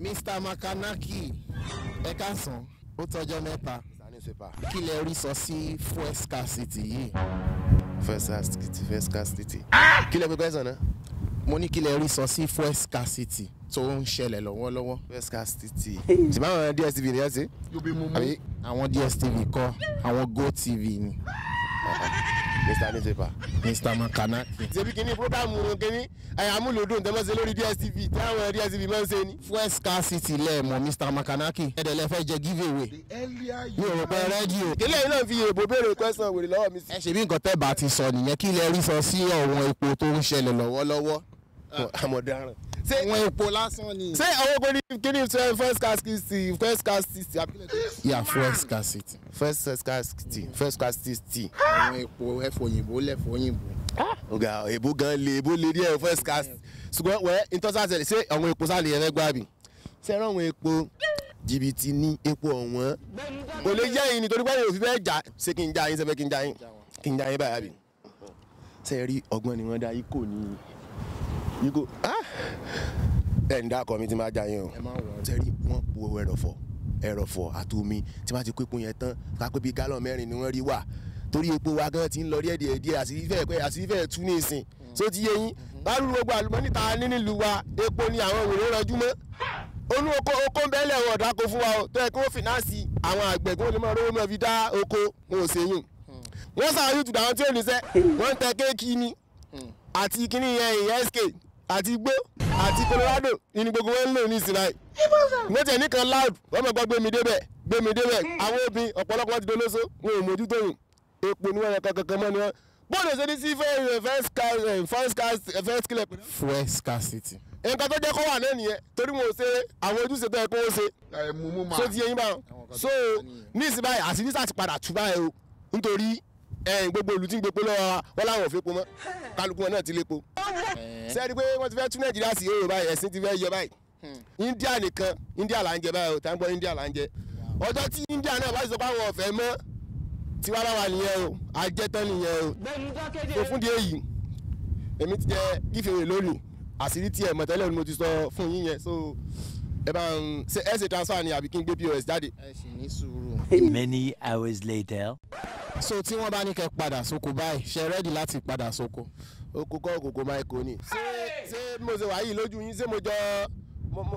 Mr Makanaki ẹ káàsán ó tọjọ́ mẹ́ta kí lẹ rí sọ sí fuel scarcity yìí. fuel scarcity fuel scarcity. Ah! kí lẹ fi gbẹ́sàn náà. mo ní kí lẹ rí sọ sí fuel scarcity tó ń ṣẹlẹ̀ lọ́wọ́lọ́wọ́. fuel scarcity. ṣùgbọ́n àwọn DSTV ni ẹ ṣe. yóò bí mú mú àwọn DSTV kọ́ àwọn GoTV ni mr newspaper. mr makanaki. ṣebí kini programu kini àmúlòdò ntẹ́mọ́ ṣe lórí dstv táwọn dstv máa ń ṣe ni. fuel scarcity lẹ́ẹ̀mọ mr makanaki ẹ̀dẹ̀lẹ̀ fẹ́ jẹ give away mi ò rò pé rẹ́díò. ìdílé yìí náà fi èèbò béèrè question wèrè lọ́wọ́ mi sí. ẹ ṣèbí nǹkan tẹ́ bá ti sọ nìyẹn kí ilẹ̀ rí sọ sí ọ̀wọ́n epo tó ń ṣẹlẹ̀ lọ́wọ́lọ́wọ́ ah, àmọ̀dáràn àwọn epo lásán ni. ṣé àwọn epo ni kí ni ṣe first class scarcity first scarcity abilẹ̀. ya first scarcity first scarcity first scarcity. àwọn epo ẹ̀fọ́ òyìnbó lẹ̀fọ́ òyìnbó. Ah! ọ̀gá èbó gan le èbó le díẹ̀ first scarcity ṣùgbọ́n wẹ́ ìtọ́sàtẹ̀lẹ̀ ṣé àwọn epo sáà lè yẹn fẹ́ gbà bì ṣé ẹ̀rọ àwọn epo jìbìtì ní epo ọ̀wọ́n kò lè yẹ́ yín nítorí báyìí òfin fẹ́ jà ṣé kí n já yín ṣe fẹ́ kí n já yín kí n já yín báyà bì ṣe rí ọgbọ́n ni wọ́n dá yìí kò ní yìí kò ẹ̀ ń dákọ̀ mi ti máa jà yín o. ẹ máa wọ̀ ọ́ tẹ́rí wọ́n po ẹrọ̀fọ̀ ẹrọ̀fọ̀ àti omi tí wọ́n ti kó epo yẹn tán kápẹ́ bíi gálọ̀ mẹ́rin ni wọ́n rí wà torí epo wa gan ti ń lọ díẹ̀ díẹ̀ díẹ̀ àṣírí fẹ́ẹ̀ pẹ́ àṣírí fẹ́ẹ̀ tú ní ìsìn so ti yé yín mm-hmm. báwo gbogbo àlùmọ́nì ta ní nílùú wa epo ni àwọn òwúrò rọjú mọ́ olú oko oko ń bẹ́lẹ̀ wọn ọ̀dà kó fún wa o tó yẹ kí wọ́n fìnáàsì àwọn àgbẹ̀ kí wọ́n lè máa rówó mọ́ fi dá oko wọn ò ṣèyún mm. wọ́n sàárù tù dáhùn tí ò ní sẹ́ mm. wọ́n ń tẹ kéèkì ni mm. àti kíní yẹn ìyẹn sk àti igbó àti Colorado ní gbogbo wọn ń lò ní ìsìláì mo tẹ̀ nìkan loud wọ́n mọ̀ gbọ́ gbé mi débẹ̀ gbé mi débẹ̀ hmm. àwọn obìnrin ọ̀pọ̀lọpọ̀ ti dolóso wọn ò mójútó yìí epo ni wọ́n yẹ kankan mọ́ ni wọ́n bóòdù ṣe ní sí fuel eh, scarcity eh, eh, nǹkan tó jẹ́ kó wà náà nìyẹn torí mo ṣe àwọn ojúṣe tó yẹ kó ṣe so ti yẹ yín báwọn so ní ìsìn báyìí àti nísà ti padà báyìí o nítorí ẹ̀yìn gbogbo olú ń gbepo lọ́wọ́ wa láwọn ò fepo mọ́ kálukú wọn náà ti lépo. sẹ́ẹ̀dí pé wọ́n ti fẹ́ tún nàìjíríà sí èrò báyìí ẹ̀sìn ti fẹ́ yẹ báyìí. Hmm. india nìkan india là ń jẹ báyìí tá ń gbọ́ india là ń jẹ. ọjọ́ tí india náà bá ti sọ pé àwọn ọ̀fẹ́ mọ́ tiwa báwa nìyẹn o àjẹtán nìyẹn o. kò fún di èyí èmi ti jẹ gífèrè lónìí àṣírí tiẹ̀ mọ̀tẹ́lẹ̀ ni mo ti sọ fún yín yẹn so ẹ bá ń ṣe ẹ ṣe transfer ni àbí kí n gbé pos jáde. ẹ ṣì ní sùúrù. many hours later so tí wọ́n bá ní kẹ́ padà sóko báyìí ṣe rẹ́dì láti padà sóko. oko kọ́ òkòkò máa kò ní. ṣé ṣé mo ṣe wáyé lójú yín ṣé mo jọ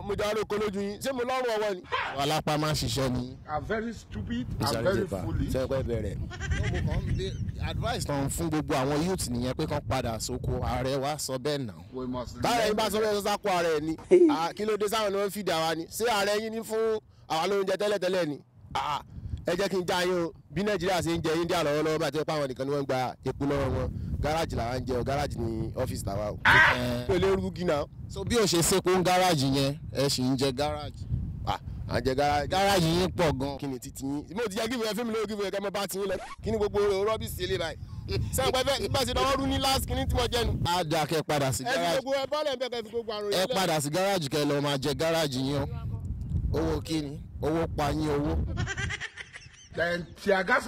mo jọ aróko lójú yín ṣé mo lọ́rùn ọwọ́ ni. alápá máa ṣiṣẹ́ ni. i'm very stupid i'm very foolish. sẹ́pẹ́ bẹ̀rẹ̀. advice tán fún gbogbo àwọn youth nìyẹn pé kán padà sóko ààrẹ wa sọ bẹ́ẹ̀ nà. báyọ̀ yín bá sọ bẹ́ẹ̀ sọ́sá kó ààrẹ ẹ̀ ni kí ló dé sáwọn ni wọ́n fìdí àwa ni ṣé ààrẹ yín ní fún àwa lóúnjẹ tẹ́lẹ̀tẹ́lẹ̀ ni ẹ jẹ́ kí n já yín o bí nàìjíríà ṣe ń jẹ india lọ́wọ́lọ́wọ́ bá ti pẹ́ àwọn nìkan ni wọ́n ń gba epo lọ́wọ́ wọn gáràjì làwọn ń jẹ o gáràjì ni ọ́fíìsì làwa o. ó ah. lè rú so bí o ṣe ṣe kó ń gáràjì yẹn ẹ sì ń jẹ gáràjì. Ah, à ń jẹ gáràjì. gáràjì yín pọ̀ gan. kí ni titi yín mo ti jẹ́ gífẹ́ fún mi lówó gífẹ́ kẹ́mọ́ bá ti yín lọ kí ni gbogbo rọ́bìsì ilé báyìí sẹ́ǹpẹ́ fẹ́ bá ṣe dánwó rú ní last kìíní tí mo jẹ́ nu. a dà kẹ́ padà sí gáràjì. ẹ fi gbogbo ẹ bọ́ọ̀lù ẹ̀ bẹ́ẹ̀ kẹ́ fi gbogbo àròyìn lẹ́yìn. ẹ padà sí gáràjì kẹ́ lọ́ọ́ máa jẹ gáràjì yín o owó kí ni owó pa yín owó. Then tear gas